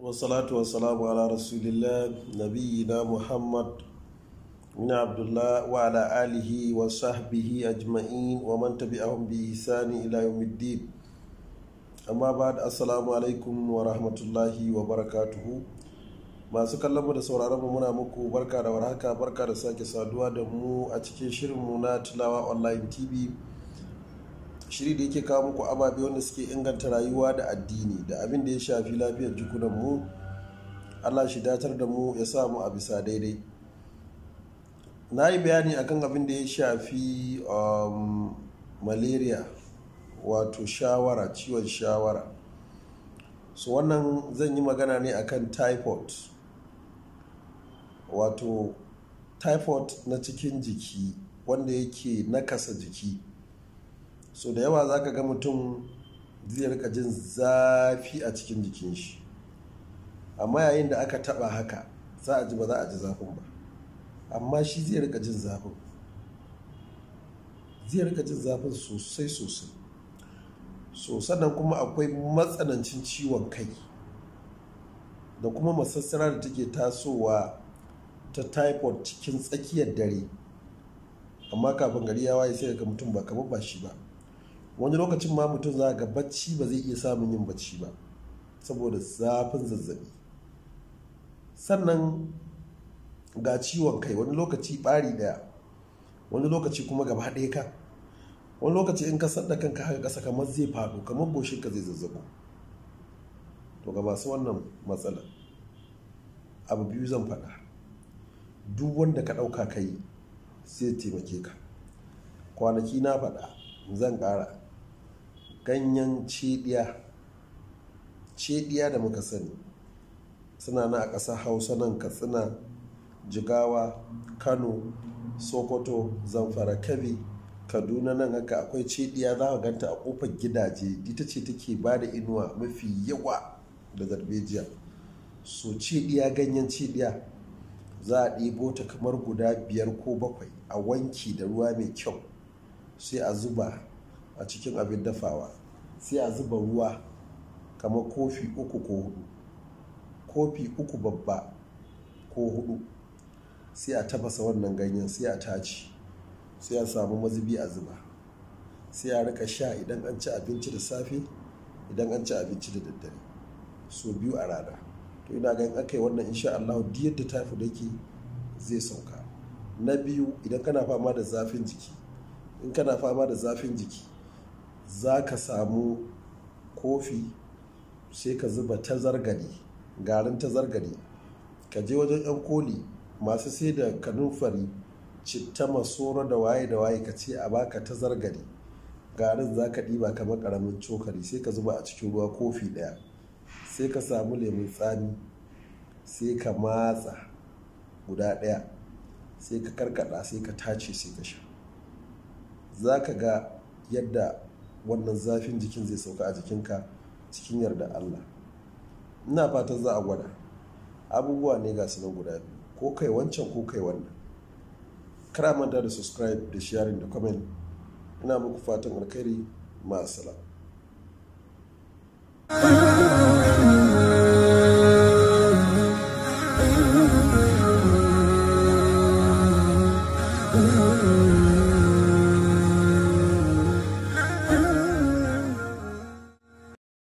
والصلاة والسلام على رسول الله نبينا محمد من عبد الله وعلى آله وصحبه أجمعين ومن تبعهم بإحسان إلى يوم الدين amma ba da assalamu alaikum wa rahmatullahi wa barakatuhu masu kallon kallonmu da sauraron mu muna muku barka da warhaka barka da sake saduwa da mu a cikin shirin mu na tilawa online tv shiri da yake kawo muku ababe wanda suke inganta rayuwa da addini da abin da ya shafi lafiyar mu allah shi datar da mu ya sa mu a bisa daidai na yi bayani akan abin da ya shafi um, malaria wato shawara ciwon shawara so wannan zan yi magana ne akan typhoid wato typhoid na cikin jiki wanda yake nakasa jiki so da yawa za ka ga mutum zai rika jin zafi a cikin jikin shi amma yayin da aka taba haka za a ji ba za a ji zafin ba amma shi zai rika jin zafin zai rika jin zafin sosai sosai so sannan kuma akwai matsanancin ciwon kai da kuma masassara da take tasowa ta typhoid cikin tsakiyar dare amma kafin gari ya waye sai ga mutum ba kamar ba shi ba wani lokacin ma mutum za ga bacci ba zai iya samun yin bacci ba saboda zafin zazzabi sannan ga ciwon kai wani lokaci bari daya wani lokaci kuma gaba ɗaya ka wani lokaci in ka sadda kanka haka ƙasa kamar zai faɗo kamar boshin ka zai zazzabo to ga masu wannan matsala abu biyu zan faɗa duk wanda ka ɗauka ka yi sai taimake ka kwanaki na faɗa zan ƙara ganyen cediya cediya da muka sani suna na a ƙasa hausa nan katsina jigawa kano sokoto zamfara kebbi kaduna nan haka akwai cediya za ka ganta a kofar gidaje ita ce take ba da inuwa mafi yawa da zarbejiya so cediya ganyen cediya za a ɗebo ta kamar guda biyar ko bakwai a wanki da ruwa mai kyau sai a zuba a cikin abin dafawa sai a zuba ruwa kamar kofi uku ko hudu kofi uku babba ko hudu sai a tafasa wannan ganyen sai a taci sai a samu mazubi a zuba sai a rika sha idan an ci abinci da safe idan an ci abinci da daddare so biyu a rana to ina ganin aka yi wannan insha Allah duk yadda tafi fi zai sauka na biyu idan kana fama da zafin jiki in kana fama da zafin jiki za ka samu kofi sai ka zuba tazargani garin tazargani ka je wajen 'yan koli masu sai da kanunfari citta masoro da waye da waye ka ce a baka ta zargari garin za ka ɗiba kamar ƙaramin cokali sai ka zuba a cikin ruwa kofi ɗaya sai ka samu lemun tsami sai ka matsa guda ɗaya sai ka karkada sai ka tace sai ka sha za ka ga yadda wannan zafin jikin zai sauka a jikinka cikin yarda allah ina fatan za a gwada abubuwa ne ga su guda biyu ko kai wancan ko kai wannan kara manta da subscribe da sharing da comment ina muku fatan alkhairi ma'asala